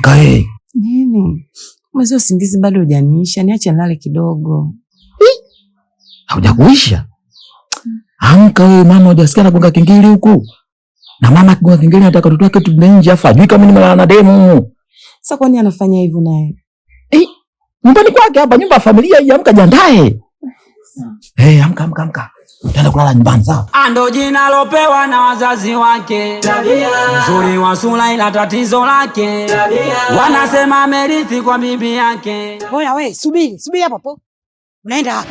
Amkae eh? nini? Mwezi usingizi bado hujaniisha, niache nilale kidogo. Haujakuisha? Amka wewe mama, hujasikia nagonga kingili huku? Na mama akigonga kingili anataka tutoa kitu nje, afa ajui kama nimelala na demu. Sasa kwani anafanya hivyo naye? Eh, nyumbani kwake hapa, nyumba ya familia hii. Amka jiandae. Eh, amka amka amka. Utaenda kulala nyumbani sawa? Ando ah, jina lopewa na wazazi wake, mzuri wa sura, ila tatizo lake tabia. Wanasema merithi kwa bibi yake. Oya we, subiri subiri hapo po unaenda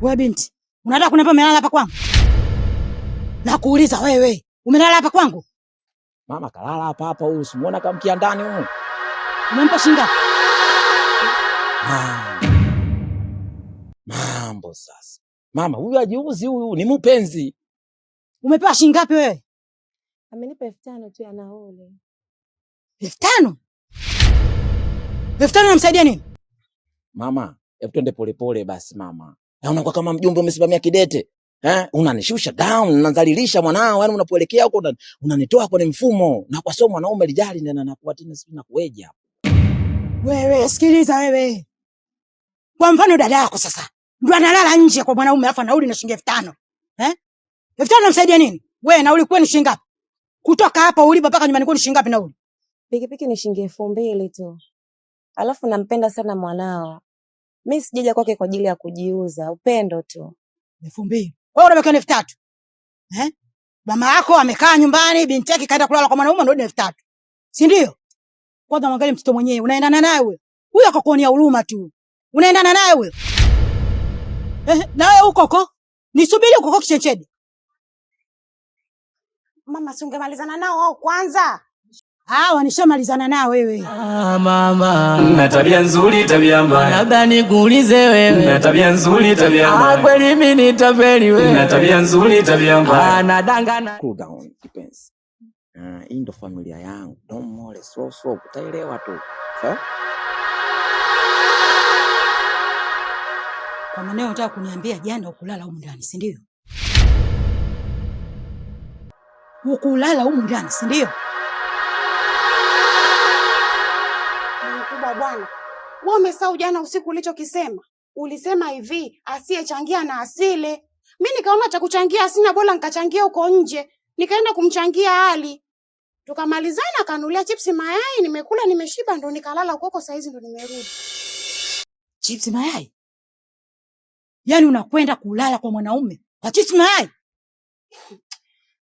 We binti Unataka kuniambia umelala hapa kwangu? Nakuuliza wewe, umelala hapa kwangu? Mama kalala hapa hapa, huyu simuona kamkia ndani huyu. Umempa shinga. Mambo sasa. Mama huyu ajiuzi, huyu ni mpenzi. Umepewa shilingi ngapi wewe? Amenipa elfu tano tu ya nauli. Elfu tano? Elfu tano namsaidia nini? Mama, hebu twende polepole basi mama unakuwa kama mjumbe umesimamia kidete eh, unanishusha down, unanzalilisha mwanao, yani unapoelekea huko unanitoa kwenye mfumo, na kwa sababu mwanaume lijali ndio anakuwa tena sisi na kuweja. Wewe sikiliza, wewe kwa mfano dada yako sasa ndio analala nje kwa mwanaume, afa nauli na shilingi 5000 eh, 5000 namsaidia nini? Wewe nauli kwenu shilingi ngapi? Kutoka hapa ulipo mpaka nyumbani kwenu shilingi ngapi nauli? Pikipiki ni shilingi 2000 tu, alafu nampenda sana mwanao Mi sijaja kwake kwa ajili ya kujiuza, upendo tu. elfu mbili wewe unabakiwa elfu tatu eh? Mama yako amekaa nyumbani, binti yake kaenda kulala kwa mwanaume, ndio elfu tatu si ndio? Kwanza mwangalie mtoto mwenyewe, unaendana naye wewe? Huyo akakuonea huruma tu, unaendana naye wewe eh? Na wewe huko huko nisubiri huko huko kichenchede. Mama, si ungemalizana nao au kwanza Hawa ah, nishamalizana nao wewe. Ah, mama. Na tabia nzuri tabia mbaya. Labda nikuulize wewe. Na ah, tabia nzuri tabia mbaya. Ah, kweli mimi nitapeli wewe. Na tabia nzuri tabia mbaya. Ah, nadangana. Cool down, kipenzi. Ah, hii ndo familia yangu. Don't more so so, utaelewa tu. Sawa? Kwa maana unataka kuniambia jana ukulala huko ndani, si ndio? Ukulala huko ndani, si ndio? wa bwana. Wewe umesahau jana usiku ulichokisema? Ulisema hivi, asiyechangia na asile. mi nikaona cha kuchangia sina, bora nikachangia huko nje. Nikaenda kumchangia Ali. Tukamalizana akanulia chipsi mayai, nimekula nimeshiba, ndo nikalala huko huko, saizi ndo nimerudi. Chipsi mayai? Yaani unakwenda kulala kwa mwanaume kwa chipsi mayai?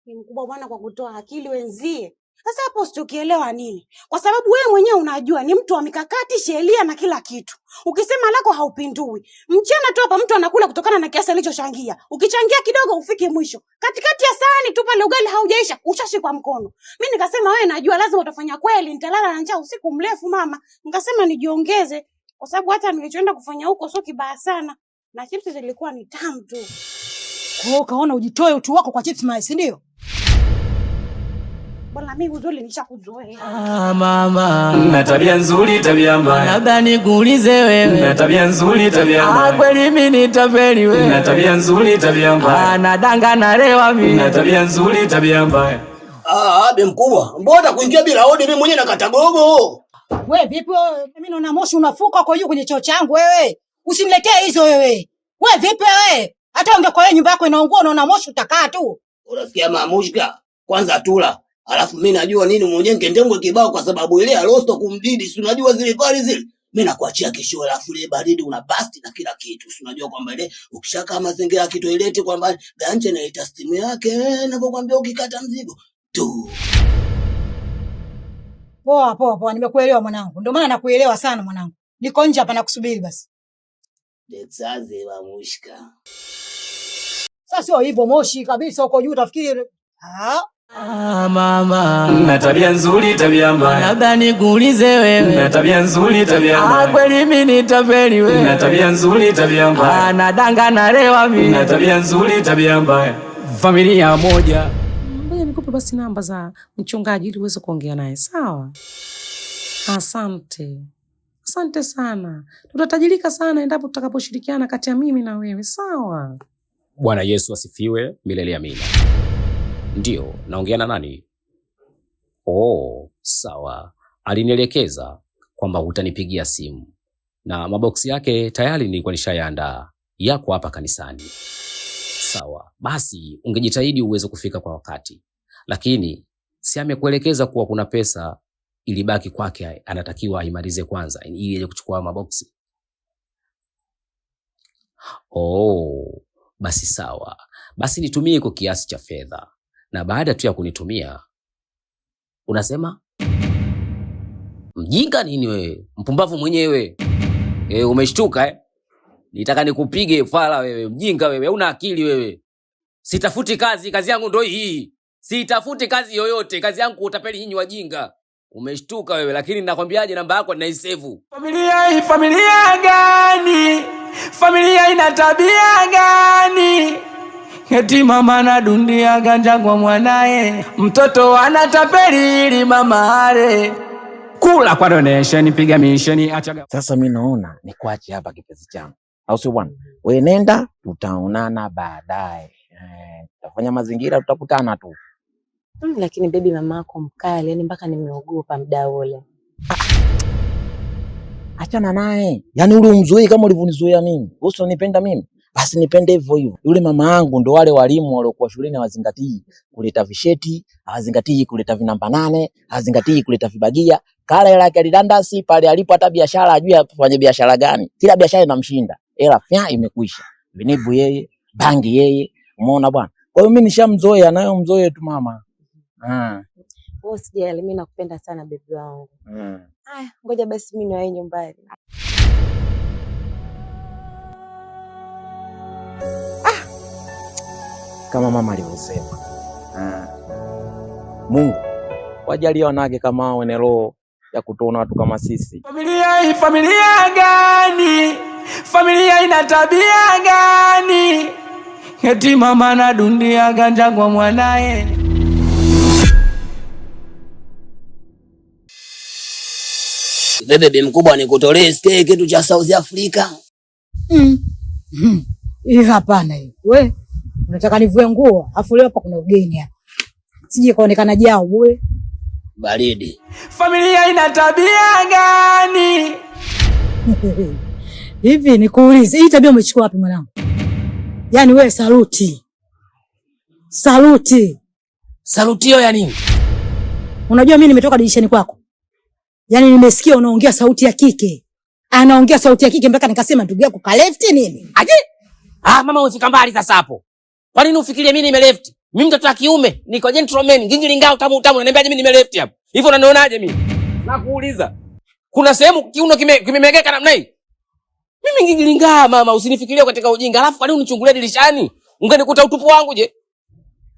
Ni mkubwa bwana kwa kutoa akili wenzie. Sasa hapo sitokielewa nini, kwa sababu wewe mwenyewe unajua ni mtu wa mikakati, sheria na kila kitu. Ukisema lako haupindui. Mchana tu hapa mtu anakula kutokana na kiasi alichochangia, ukichangia kidogo ufike mwisho, katikati ya sahani tu pale ugali haujaisha ushashi kwa mkono. Mimi nikasema wewe, najua lazima utafanya kweli, nitalala na njaa usiku mrefu mama. Nikasema nijiongeze, kwa sababu hata nilichoenda kufanya huko sio kibaya sana, na chipsi zilikuwa ni tamu tu. Kwa hiyo ukaona ujitoe utu wako kwa chipsi mai, si ndio? Bwana mimi uzuri nishakuzoea. Ah, mama. Na tabia nzuri tabia mbaya. Labda nikuulize wewe. Na tabia nzuri tabia ah, mbaya. Ah, kweli mimi ni wewe. Na tabia nzuri tabia mbaya. Ah, nadanga na lewa mimi. Na tabia nzuri tabia mbaya. Ah, be mkubwa. Mbona kuingia bila hodi mimi mwenyewe nakata gogo? Wewe vipi wewe? Mimi naona moshi unafuka huko juu kwenye choo changu wewe. Usiniletee hizo wewe. Wewe vipi wewe? Hata ungekuwa nyumba yako inaungua unaona moshi utakaa tu. Unasikia mamushka? Kwanza tula. Alafu mimi najua nini mujenge ndengwe kibao kwa sababu ile alosto kumdidi, si unajua zile pale zile. Mimi nakuachia kisho alafu ile baridi una basti na kila kitu. Si unajua kwamba ile ukishaka mazingira ya kitu ilete kwamba ganje na ita steam yake na kukwambia ukikata mzigo tu. Poa poa poa, nimekuelewa mwanangu. Ndio maana nakuelewa sana mwanangu. Niko nje hapa nakusubiri basi. Detsaze wa mushka. Sasa sio hivyo moshi kabisa uko juu utafikiri ah Ah, mama na tabia nzuri, tabia mbaya, labda nikuulize wewe, na tabia nzuri, tabia ah, mbaya, kweli mimi nitapeli wewe, na tabia nzuri, tabia mbaya, ah, nadanga lewa mimi, na tabia nzuri, tabia mbaya, familia moja. Ngoja nikupe basi namba za mchungaji ili uweze kuongea naye, sawa? Asante, asante sana, tutatajirika sana endapo tutakaposhirikiana kati ya mimi na wewe, sawa? Bwana Yesu asifiwe milele, amina. Ndiyo, naongea na nani? Oh, sawa. Alinielekeza kwamba utanipigia simu na maboksi yake tayari nilikuwa nishayaandaa, yako hapa kanisani. Sawa basi, ungejitahidi uweze kufika kwa wakati, lakini si amekuelekeza kuwa kuna pesa ilibaki kwake, anatakiwa aimalize kwanza ili aje kuchukua maboksi? Oh, basi sawa, basi nitumie iko kiasi cha fedha na baada tu ya kunitumia unasema mjinga nini wewe, mpumbavu mwenyewe e, umeshtuka eh? Nitaka nikupige fala wewe, mjinga wewe, una akili wewe. Sitafuti kazi, kazi yangu ndo hii, sitafuti kazi yoyote, kazi yangu utapeli nyinyi wajinga. Umeshtuka wewe, lakini nakwambiaje, namba yako ninaisevu. Familia hii familia gani? Familia ina tabia gani? Eti mama anadundia ganja kwa mwanaye, mtoto anatapeli ili mama ale kula kwa donation, piga misheni, acha. Sasa mimi naona ni kuache hapa kipenzi changu, au sio bwana? Wewe nenda, tutaonana baadaye, eh, tutafanya mazingira, tutakutana tu. Hmm, lakini bebi, mama yako mkali, yani mpaka nimeogopa mda ule. Achana naye, yani ule umzuii kama ulivyonizuia mimi, usionipenda mimi basi nipende hivyo hivyo. Yule mama yangu ndo wale walimu waliokuwa shuleni hawazingatii kuleta visheti, hawazingatii kuleta vinamba nane, hawazingatii kuleta vibagia. Kala hela yake alidandasi pale alipo, hata biashara ajui afanye biashara gani. Kila biashara inamshinda. Hela fya imekwisha. Vinevu yeye, bangi yeye. Umeona bwana? Kwa hiyo mimi nishamzoea nayo mzoe tu mama. Ah. Wewe usijali, mimi nakupenda sana bebi wangu. Mm. Haya, ngoja basi mimi niwae nyumbani. kama mama alivyosema. Ah. Mungu wajalie wanawake kama hao wenye roho ya kutuona watu kama sisi. Familia hii familia gani? Familia ina tabia gani? Eti mama na dundia ganja kwa mwanaye. Bebe bi mkubwa, nikutolee stake kitu cha South Africa. Mm. Mm. hiyo wewe Unataka nivue nguo? Afu leo hapa kuna ugeni hapa. Sije kaonekana jao bure. Baridi. Familia ina tabia gani? Hivi nikuulize, hii tabia umechukua wapi mwanangu? Yaani wewe saluti. Saluti. Saluti hiyo ya nini? Unajua mimi nimetoka dirishani kwako. Yaani nimesikia unaongea sauti ya kike. Anaongea sauti ya kike mpaka nikasema ndugu yako kalefti nini? Aje? Ah, mama usika mbali sasa hapo. Kwa nini ufikirie mimi nimelefti? Mimi mtoto wa kiume, niko gentleman, ngingili ngao tamu tamu, unaniambiaje mimi nimelefti hapo? Hivyo unanionaje mimi? Nakuuliza. Kuna sehemu kiuno kimemegeka kime namna hii? Mimi ngingili ngaa mama, usinifikirie katika ujinga. Alafu kwa nini unichungulia dirishani? Ungenikuta utupu wangu je?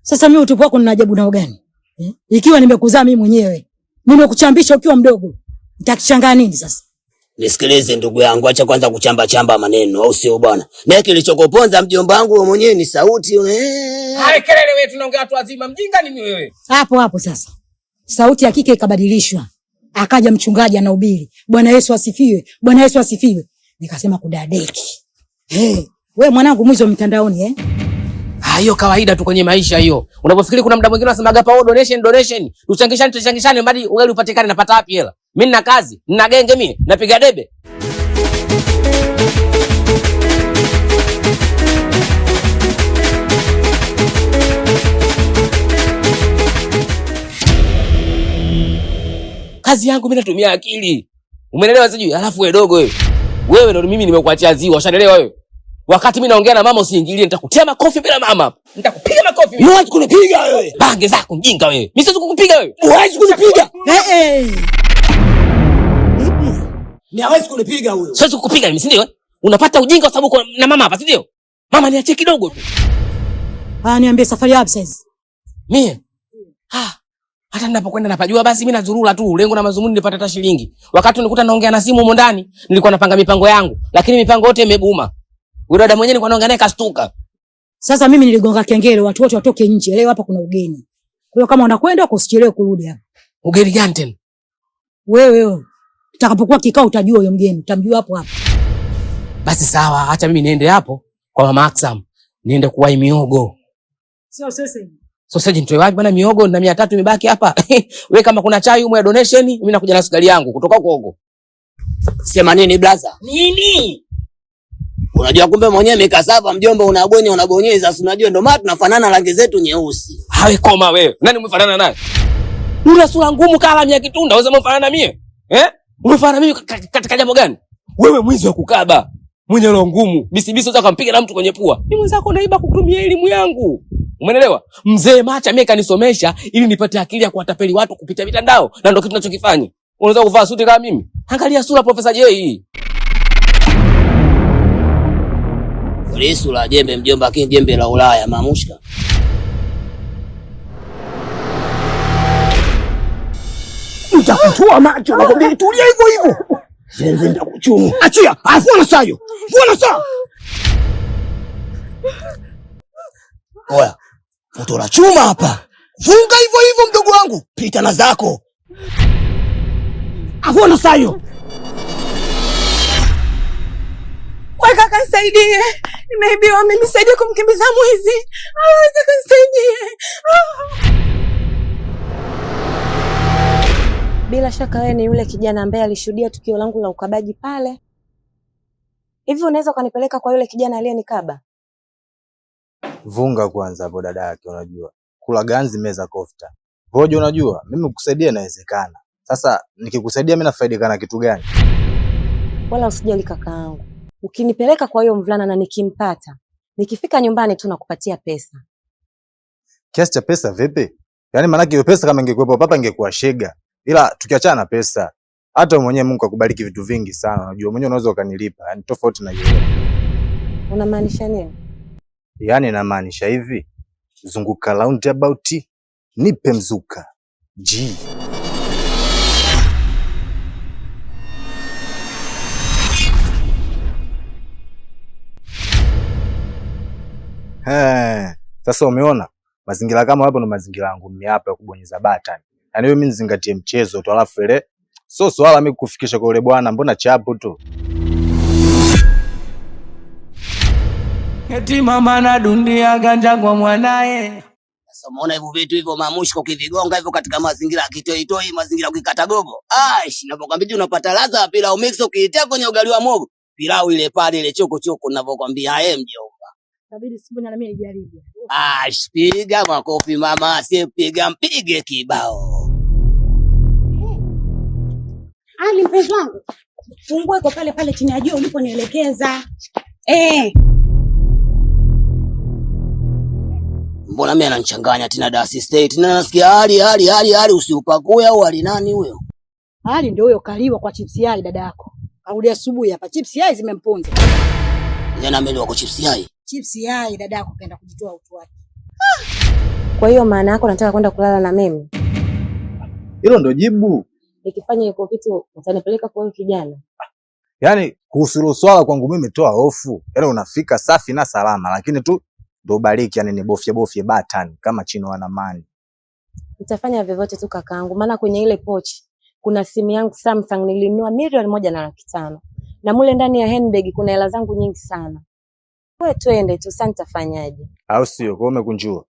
Sasa mimi utupu wako nina ajabu nao gani? Eh? Ikiwa nimekuzaa mimi mwenyewe. Nimekuchambisha ukiwa mdogo. Nitakichanganya nini sasa? Nisikilize ndugu yangu, acha kwanza kuchamba chamba maneno, au sio bwana? Naye kilichokuponza mjomba wangu wewe mwenyewe ni sauti une. Hai kelele wewe, tunaongea watu wazima, mjinga ni wewe. Hapo hapo sasa. Sauti ya kike ikabadilishwa. Akaja mchungaji anahubiri. Bwana Yesu asifiwe. Bwana Yesu asifiwe. Nikasema kudadeki. Hey, eh, wewe mwanangu mwizo mtandaoni eh? Ah, hiyo kawaida tu kwenye maisha hiyo. Unapofikiri kuna mda mwingine unasemaga pa donation donation, tuchangishane tuchangishane, hadi ugali upatikane, napata wapi hela? mimi nina kazi, nina genge, mimi napiga debe. Kazi yangu mimi natumia akili, Umeelewa Sijui Alafu wewe dogo wewe, wewe ndo mimi nimekuachia ziwa, ushanelewa wewe? Wakati mimi naongea na mama usiingilie, nitakutia makofi bila mama. Nitakupiga makofi. Mimi huwezi kunipiga wewe. Bange zako mjinga wewe. Mimi siwezi kukupiga wewe. Huwezi kunipiga. Eh eh. Ni hawezi kunipiga huyo. Siwezi kukupiga mimi, si ndio? Unapata ujinga kwa sababu uko na mama hapa, si ndio? Mama niache kidogo tu. Ah, niambie safari ya absence. Mie. Ah. Hata ninapokwenda napajua basi mimi nazurura tu, lengo na mazumuni nipate hata shilingi. Wakati nilikuta naongea na simu huko ndani, nilikuwa napanga mipango yangu, lakini mipango yote imebuma. Yule dada mwenyewe nilikuwa naongea naye kastuka. Sasa mimi niligonga kengele watu wote watoke nje. Leo hapa kuna ugeni. Kwa hiyo kama unakwenda usichelewe kurudi hapa. Ugeni gani tena? Wewe wewe. Utakapokuwa kikao utajua huyo mgeni, utamjua hapo hapo. Basi sawa, acha mimi niende hapo kwa mama Aksam, niende kuwai miogo. Sio sasa hivi. Sausage nitoe wapi bwana miogo na 300 imebaki hapa. Wewe kama kuna chai umo ya donation, mimi nakuja na sukari yangu kutoka huko huko. Sema nini brother? Nini? Unajua kumbe mwenyewe mikasaba mjomba unagonya unabonyeza, si unajua ndio maana tunafanana rangi zetu nyeusi. Hawe koma wewe. Nani umefanana naye? Una sura ngumu kama ya kitunda, wewe umefanana mie? Eh? Umefanana mimi katika jambo gani? Wewe mwizi wa kukaba, mwenye roho ngumu, bisibisi unaweza kumpiga na mtu kwenye pua. Ni mwenzako naiba kutumia elimu yangu. Umeelewa? Mzee Macha mimi kanisomesha ili nipate akili ya kuwatapeli watu kupitia mitandao na ndio kitu ninachokifanya. Unaweza kuvaa suti kama mimi? Angalia sura Profesa J hii. la jembe mjomba king jembe la Ulaya mamushka. Nitakutoa macho, na nakwambia tulia hivyo hivyo. Shenzi nitakuchuma. Achia, afua na sayo. Fua na sayo. Oya, utola chuma hapa. Funga hivyo hivyo mdogo wangu. Pita na zako. Afua na sayo. Wewe kaka nisaidie. Nimeibiwa, amenisaidie kumkimbiza mwizi. Wewe kaka nisaidie. Ah. Bila shaka wewe ni yule kijana ambaye alishuhudia tukio langu la ukabaji pale. Hivi unaweza ukanipeleka kwa yule kijana aliyenikaba? Vunga kwanza hapo dada yake, unajua kula ganzi meza kofta. Hoja, unajua mimi kukusaidia inawezekana. Sasa nikikusaidia mimi nafaidika na kitu gani? Wala usijali kakaangu, ukinipeleka kwa hiyo mvulana na nikimpata, nikifika nyumbani tu nakupatia pesa. Kiasi cha pesa vipi? Yaani maanake hiyo pesa kama ingekuwepo papa ingekuwa shega. Ila tukiachana na pesa, hata mwenyewe Mungu akubariki vitu vingi sana, unajua mwenyewe unaweza ukanilipa, yani tofauti na yeye. Unamaanisha nini? Yani namaanisha hivi, zunguka round about, nipe mzuka G. sasa umeona mazingira kama hapo ndo mazingira yangu mimi hapa ya kubonyeza button yani mimi nizingatie mchezo tu, alafu ile so swala mimi kukufikisha kwa yule bwana, mbona chapu tu eti mama na dunia ganja kwa mwanae. Sasa umeona hivyo vitu hivyo, mamushi kwa kivigonga hivyo katika mazingira ya kitoi toi mazingira ukikata gogo aish, napokwambia unapata ladha ya pilau mix, ukiitia kwenye ugali wa mogo pilau ile pale ile choko choko, ninapokuambia haye mjomba, inabidi siku na mimi nijaribu. Aish, piga makofi mama, asiyepiga mpige kibao. Ali, mpenzi wangu, funguo iko pale pale chini ya jua uliponielekeza. Eh. Mbona mimi ananichanganya tena da assistant? Tena nasikia hali hali hali hali usiupakue au hali nani huyo? Hali ndio huyo kaliwa kwa chipsi yai dada yako. Arudi asubuhi hapa chipsi yai zimemponza. Jana mimi kwa chipsi yai. Chipsi yai dada yako kaenda kujitoa utu wake. Ah. Kwa hiyo maana yako nataka kwenda kulala na mimi. Hilo ndio jibu nikifanya hiyo kitu utanipeleka kwa kijana. Yaani kuhusu hilo swala kwangu mimi toa hofu. Yaani unafika safi na salama, lakini tu ndo bariki, yani nibofye bofye batani kama chino wana mani. Nitafanya vyovyote tu kakaangu, maana kwenye ile pochi kuna simu yangu Samsung nilinunua milioni moja na laki tano na mule ndani ya handbag kuna hela zangu nyingi sana. Wewe twende tu, sasa nitafanyaje? Au sio? Kwa umekunjua.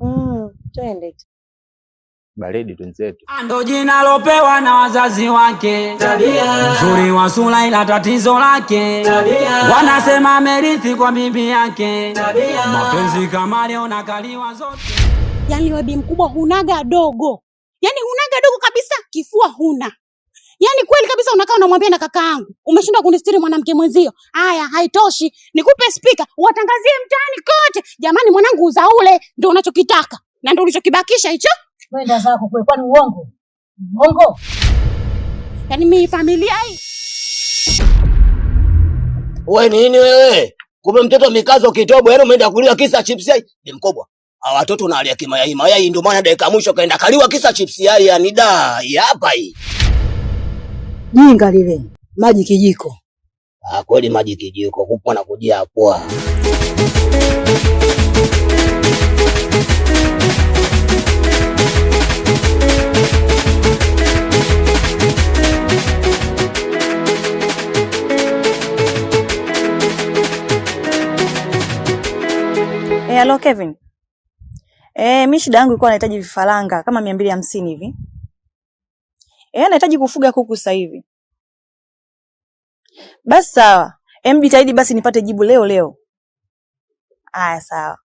Mm, twende tu baridi wenzetu ah, ndo jina lopewa na wazazi wake. Uzuri wa sura ila tatizo lake, wanasema amerithi kwa bibi yake. Mapenzi kama leo nakaliwa zote. Yani wewe mkubwa hunaga dogo, yani hunaga dogo kabisa, kifua huna yani kweli kabisa. Unakaa unamwambia na kaka yangu umeshindwa kunistiri mwanamke mwenzio. Haya, haitoshi, nikupe spika watangazie mtaani kote, jamani, mwanangu uzaule, ndo unachokitaka na ndo ulichokibakisha hicho kwenda zako kule, kwani uongo uongo? Yaani mimi familia hii wewe nini wewe? Kumbe mtoto mikazo kitobo, yaani umeenda kulia kisa chipsi hai. Ni mkobwa. Hawa watoto naalia kimayai mayai, ndio maana dakika mwisho kaenda kaliwa kisa chipsi hai, yani da hapa hii. Jinga lile. Maji kijiko. Ah, kweli maji kijiko. Kupona kujia kwa. Hello Kevin. Eh, mimi shida yangu ilikuwa nahitaji vifaranga kama mia mbili hamsini hivi. Eh, nahitaji kufuga kuku sasa hivi. Basi sawa. Em, jitahidi basi nipate jibu leo leo. Aya, sawa.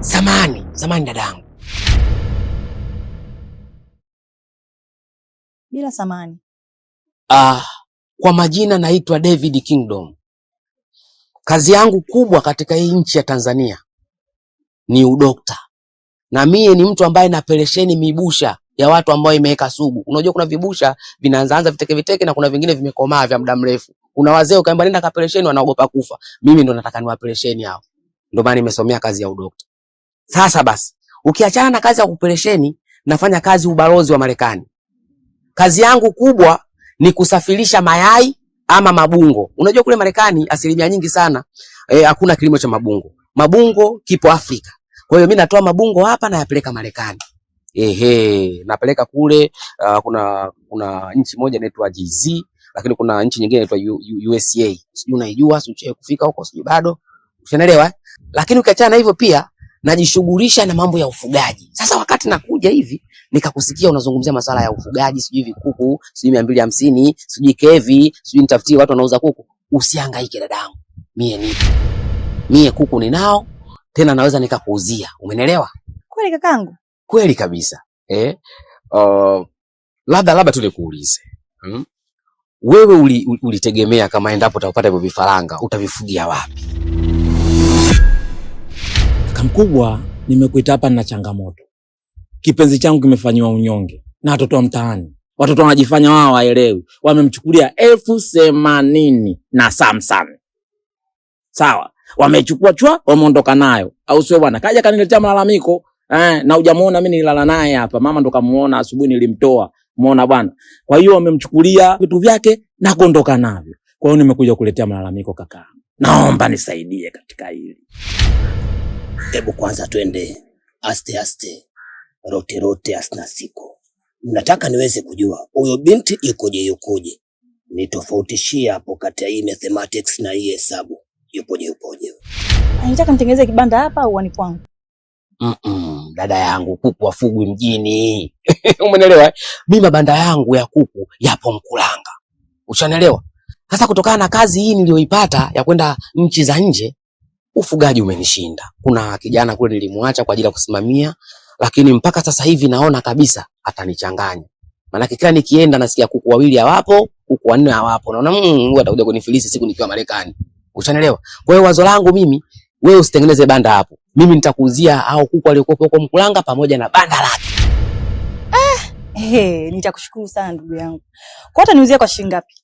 Samani, ah, samani dadangu. Bila samani. Ah, kwa majina naitwa David Kingdom. Kazi yangu kubwa katika hii nchi ya Tanzania ni udokta, na mie ni mtu ambaye napelesheni mibusha ya watu ambao imeweka sugu. Unajua kuna vibusha vinaanzaanza viteke viteke, na kuna vingine vimekomaa vya muda mrefu. Kuna wazee ukaamba nenda kapelesheni, wanaogopa kufa. Mimi ndo nataka niwapelesheni hao, ndo maana nimesomea kazi ya udokta. Sasa basi, ukiachana na kazi ya kupelesheni, nafanya kazi ubalozi wa Marekani. Kazi yangu kubwa ni kusafirisha mayai ama mabungo. Unajua kule Marekani asilimia nyingi sana eh, hakuna kilimo cha mabungo. Mabungo kipo Afrika. Kwa hiyo mimi natoa mabungo hapa na yapeleka Marekani. Ehe, napeleka kule. Uh, kuna kuna nchi moja inaitwa GZ, lakini kuna nchi nyingine inaitwa USA. Sijui unaijua, sijui kufika huko, sijui bado. Ushaelewa? Lakini ukiachana hivyo pia najishughulisha na mambo ya ufugaji. Sasa wakati nakuja hivi nikakusikia unazungumzia masuala ya ufugaji, sijui vikuku, sijui mia mbili hamsini, sijui kevi, sijui nitafutie watu wanauza kuku. Usihangaike dadangu, mie nipo mie, kuku ninao, tena naweza nikakuuzia. Umenelewa Kweli kakangu, kweli kabisa eh? Uh, labda labda tu nikuulize hmm? Wewe ulitegemea uli, uli kama endapo utapata hivyo vifaranga utavifugia wapi? mkubwa, nimekuita hapa na changamoto. Kipenzi changu kimefanyiwa unyonge na watoto wa mtaani. Watoto wanajifanya wao waelewi, wamemchukulia elfu themanini na Samsung. Sawa, wamechukua chwa, wameondoka nayo, au sio bwana? Kaja kaniletea malalamiko eh, na hujamuona mimi nilala naye hapa, mama ndo kamuona asubuhi, nilimtoa muona bwana. Kwa hiyo wamemchukulia vitu vyake na kuondoka navyo. Kwa hiyo nimekuja kuletea malalamiko kaka, naomba nisaidie katika hili. Hebu kwanza twende aste aste, rote rote, asna siko. Nataka niweze kujua huyo binti ikoje, yukoje, nitofautishie hapo kati ya hii mathematics na hii hesabu, yupoje yupoje. Anataka nitengeneze kibanda hapa au ni kwangu? Mm -mm, dada yangu kuku wafugwi mjini Umenelewa? Mimi eh? mabanda yangu ya kuku yapo Mkulanga, ushanelewa? Sasa kutokana na kazi hii niliyoipata ya kwenda nchi za nje ufugaji umenishinda. Kuna kijana kule nilimwacha kwa ajili ya kusimamia, lakini mpaka sasa hivi naona kabisa atanichanganya. Maana kila nikienda nasikia kuku wawili hawapo, kuku wanne hawapo. Naona mmm, atakuja kunifilisi siku nikiwa Marekani. Ushanielewa? Kwa hiyo wazo langu mimi, wewe usitengeneze banda hapo. Mimi nitakuuzia au kuku aliyokuwa huko Mkulanga pamoja na banda lake. Ah, eh, Hey, nitakushukuru sana ndugu yangu. Kwa hata niuzie kwa shilingi ngapi?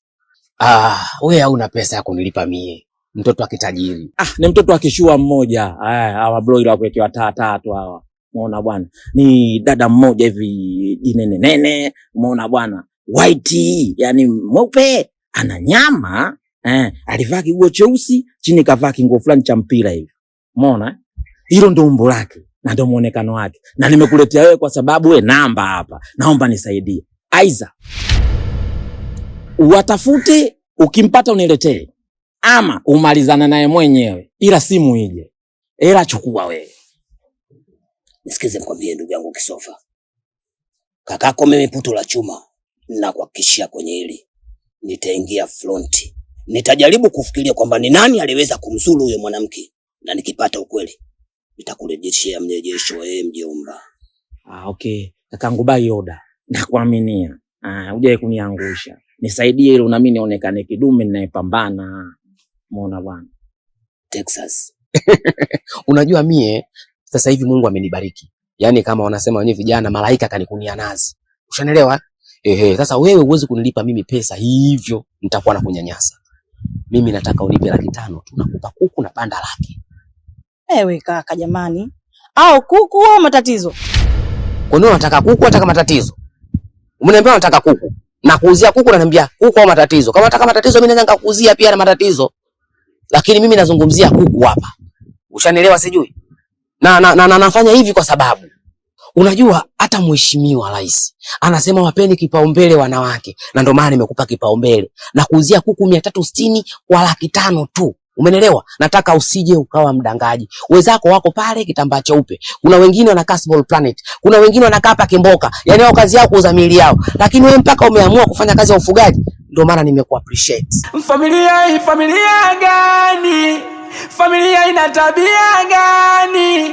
Ah, wewe hauna pesa ya kunilipa mie mtoto akitajiri. Ah, ni mtoto akishua mmoja. Aya, hawa broila wakuwekewa taa tatu hawa. Umeona bwana, ni dada mmoja hivi jinene nene, umeona bwana, white yani mweupe, ana nyama eh, alivaa kiguo cheusi chini, kavaa kinguo fulani cha mpira hivi, umeona hilo ndo umbo lake na ndo muonekano wake, na nimekuletea wewe kwa sababu we namba hapa, naomba nisaidie, aiza watafute, ukimpata uniletee ama umalizana naye mwenyewe, ila simu ije, ila chukua wewe. Nisikize mkwambie ndugu yangu Kisofa, kakako mimi puto la chuma, nakuhakikishia kwenye hili nitaingia fronti, nitajaribu kufikiria kwamba ni nani aliweza kumzuru huyo mwanamke, na nikipata ukweli nitakurejeshea mrejesho yeye mjomba. Ah, okay kakangu bai oda, nakuaminia. Ah, ujae kuniangusha, nisaidie hilo nami nionekane kidume ninayepambana. Muona bwana Texas. Unajua mie sasa hivi Mungu amenibariki, yaani kama wanasema wenyewe vijana, malaika kanikunia nazi, ushanelewa? Ehe, sasa wewe uwezi kunilipa mimi pesa hivyo, nitakuwa na kunyanyasa mimi. Nataka unipe laki tano tu, nakupa kuku na panda laki. Ewe kaka, jamani, au kuku au matatizo? Kwa nini unataka kuku? Unataka matatizo? Umeniambia unataka kuku, nakuuzia kuku, naniambia kuku au matatizo. Kama unataka matatizo, mimi naweza nikakuuzia pia na matatizo lakini mimi nazungumzia kuku hapa, ushanielewa? Sijui na, na, na, na nafanya hivi kwa sababu unajua hata mheshimiwa rais anasema wapeni kipaumbele wanawake, na ndio maana nimekupa kipaumbele na kuuzia kuku mia tatu sitini kwa laki tano tu. Umenelewa? Nataka usije ukawa mdangaji. Wenzako wako pale kitambaa cheupe. Kuna wengine wanakaa Small Planet. Kuna wengine wanakaa hapa Kimboka. Yaani wao kazi yao kuuza miili yao. Lakini wewe mpaka umeamua kufanya kazi ya ufugaji ndio maana nimeku appreciate. Familia hii familia gani? Familia ina tabia gani?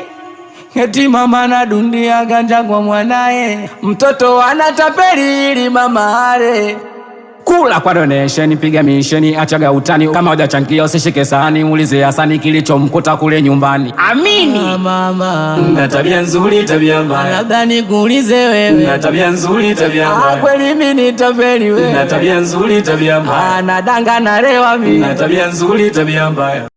Eti mama na dunia ganja kwa mwanae. Mtoto anatapeli ili mama ale kula kwa donation, piga mission, achaga utani. Kama hujachangia usishike sahani, muulize Hasani kilichomkuta kule nyumbani. Amini mama, na tabia nzuri, tabia mbaya, labda nikuulize wewe, na tabia nzuri, tabia ah, mbaya, kweli mimi nitapeli wewe, na tabia nzuri, tabia mbaya, anadanga ah, na lewa mimi, na tabia nzuri, tabia mbaya